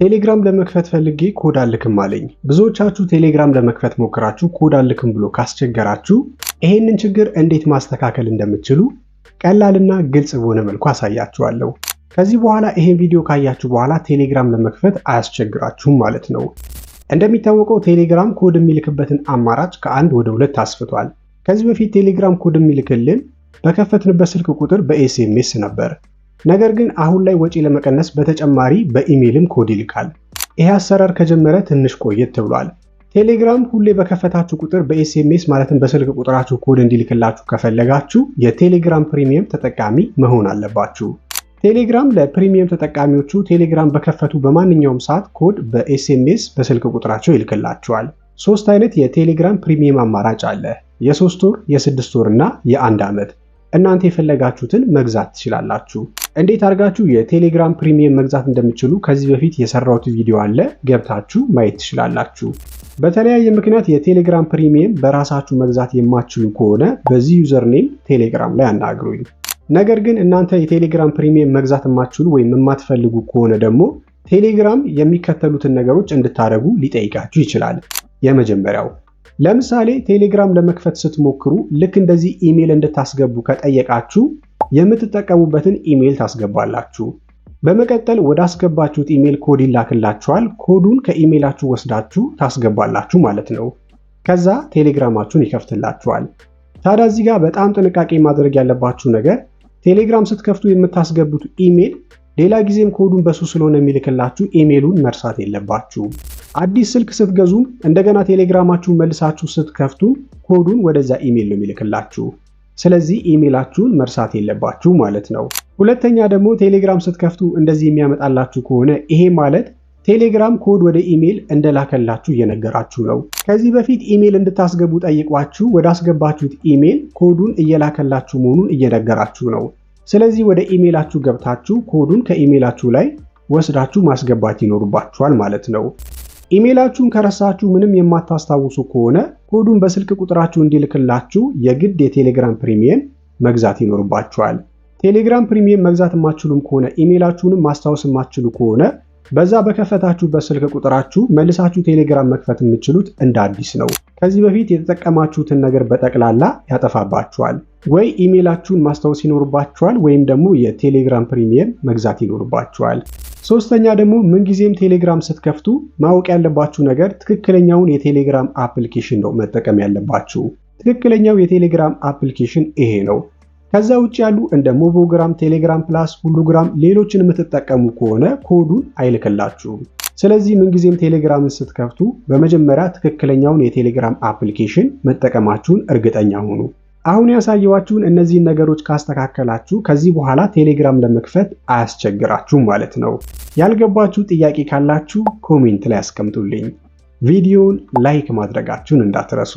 ቴሌግራም ለመክፈት ፈልጌ ኮድ አልክም አለኝ። ብዙዎቻችሁ ቴሌግራም ለመክፈት ሞክራችሁ ኮድ አልክም ብሎ ካስቸገራችሁ ይሄንን ችግር እንዴት ማስተካከል እንደምትችሉ ቀላልና ግልጽ በሆነ መልኩ አሳያችኋለሁ። ከዚህ በኋላ ይሄን ቪዲዮ ካያችሁ በኋላ ቴሌግራም ለመክፈት አያስቸግራችሁም ማለት ነው። እንደሚታወቀው ቴሌግራም ኮድ የሚልክበትን አማራጭ ከአንድ ወደ ሁለት አስፍቷል። ከዚህ በፊት ቴሌግራም ኮድ የሚልክልን በከፈትንበት ስልክ ቁጥር በኤስኤምኤስ ነበር። ነገር ግን አሁን ላይ ወጪ ለመቀነስ በተጨማሪ በኢሜይልም ኮድ ይልካል። ይህ አሰራር ከጀመረ ትንሽ ቆየት ብሏል። ቴሌግራም ሁሌ በከፈታችሁ ቁጥር በኤስኤምኤስ ማለትም በስልክ ቁጥራችሁ ኮድ እንዲልክላችሁ ከፈለጋችሁ የቴሌግራም ፕሪሚየም ተጠቃሚ መሆን አለባችሁ። ቴሌግራም ለፕሪሚየም ተጠቃሚዎቹ ቴሌግራም በከፈቱ በማንኛውም ሰዓት ኮድ በኤስኤምኤስ በስልክ ቁጥራቸው ይልክላችኋል። ሶስት አይነት የቴሌግራም ፕሪሚየም አማራጭ አለ። የሶስት ወር፣ የስድስት ወር እና የአንድ ዓመት እናንተ የፈለጋችሁትን መግዛት ትችላላችሁ። እንዴት አድርጋችሁ የቴሌግራም ፕሪሚየም መግዛት እንደምትችሉ ከዚህ በፊት የሰራሁት ቪዲዮ አለ፣ ገብታችሁ ማየት ትችላላችሁ። በተለያየ ምክንያት የቴሌግራም ፕሪሚየም በራሳችሁ መግዛት የማትችሉ ከሆነ በዚህ ዩዘርኔም ቴሌግራም ላይ አናግሩኝ። ነገር ግን እናንተ የቴሌግራም ፕሪሚየም መግዛት የማትችሉ ወይም የማትፈልጉ ከሆነ ደግሞ ቴሌግራም የሚከተሉትን ነገሮች እንድታደርጉ ሊጠይቃችሁ ይችላል። የመጀመሪያው ለምሳሌ ቴሌግራም ለመክፈት ስትሞክሩ ልክ እንደዚህ ኢሜይል እንድታስገቡ ከጠየቃችሁ የምትጠቀሙበትን ኢሜይል ታስገባላችሁ። በመቀጠል ወደ አስገባችሁት ኢሜይል ኮድ ይላክላችኋል። ኮዱን ከኢሜይላችሁ ወስዳችሁ ታስገባላችሁ ማለት ነው። ከዛ ቴሌግራማችሁን ይከፍትላችኋል። ታዲያ እዚህ ጋር በጣም ጥንቃቄ ማድረግ ያለባችሁ ነገር ቴሌግራም ስትከፍቱ የምታስገቡት ኢሜይል ሌላ ጊዜም ኮዱን በሱ ስለሆነ የሚልክላችሁ ኢሜይሉን መርሳት የለባችሁም። አዲስ ስልክ ስትገዙ እንደገና ቴሌግራማችሁን መልሳችሁ ስትከፍቱ ኮዱን ወደዛ ኢሜል ነው የሚልክላችሁ። ስለዚህ ኢሜላችሁን መርሳት የለባችሁ ማለት ነው። ሁለተኛ ደግሞ ቴሌግራም ስትከፍቱ እንደዚህ የሚያመጣላችሁ ከሆነ ይሄ ማለት ቴሌግራም ኮድ ወደ ኢሜል እንደላከላችሁ እየነገራችሁ ነው። ከዚህ በፊት ኢሜል እንድታስገቡ ጠይቋችሁ ወደ አስገባችሁት ኢሜል ኮዱን እየላከላችሁ መሆኑን እየነገራችሁ ነው። ስለዚህ ወደ ኢሜላችሁ ገብታችሁ ኮዱን ከኢሜላችሁ ላይ ወስዳችሁ ማስገባት ይኖርባችኋል ማለት ነው። ኢሜይላችሁን ከረሳችሁ ምንም የማታስታውሱ ከሆነ ኮዱን በስልክ ቁጥራችሁ እንዲልክላችሁ የግድ የቴሌግራም ፕሪሚየም መግዛት ይኖርባችኋል። ቴሌግራም ፕሪሚየም መግዛት የማትችሉም ከሆነ ኢሜይላችሁንም ማስታወስ የማትችሉ ከሆነ በዛ በከፈታችሁበት ስልክ ቁጥራችሁ መልሳችሁ ቴሌግራም መክፈት የምትችሉት እንደ አዲስ ነው። ከዚህ በፊት የተጠቀማችሁትን ነገር በጠቅላላ ያጠፋባችኋል። ወይ ኢሜይላችሁን ማስታወስ ይኖርባችኋል፣ ወይም ደግሞ የቴሌግራም ፕሪሚየም መግዛት ይኖርባችኋል። ሶስተኛ ደግሞ ምንጊዜም ቴሌግራም ስትከፍቱ ማወቅ ያለባችሁ ነገር ትክክለኛውን የቴሌግራም አፕሊኬሽን ነው መጠቀም ያለባችሁ። ትክክለኛው የቴሌግራም አፕሊኬሽን ይሄ ነው። ከዛ ውጭ ያሉ እንደ ሞቦግራም፣ ቴሌግራም ፕላስ፣ ሁሉግራም፣ ሌሎችን የምትጠቀሙ ከሆነ ኮዱን አይልክላችሁም። ስለዚህ ምንጊዜም ቴሌግራምን ስትከፍቱ በመጀመሪያ ትክክለኛውን የቴሌግራም አፕሊኬሽን መጠቀማችሁን እርግጠኛ ሁኑ። አሁን ያሳየዋችሁን እነዚህን ነገሮች ካስተካከላችሁ ከዚህ በኋላ ቴሌግራም ለመክፈት አያስቸግራችሁም ማለት ነው። ያልገባችሁ ጥያቄ ካላችሁ ኮሜንት ላይ አስቀምጡልኝ። ቪዲዮውን ላይክ ማድረጋችሁን እንዳትረሱ።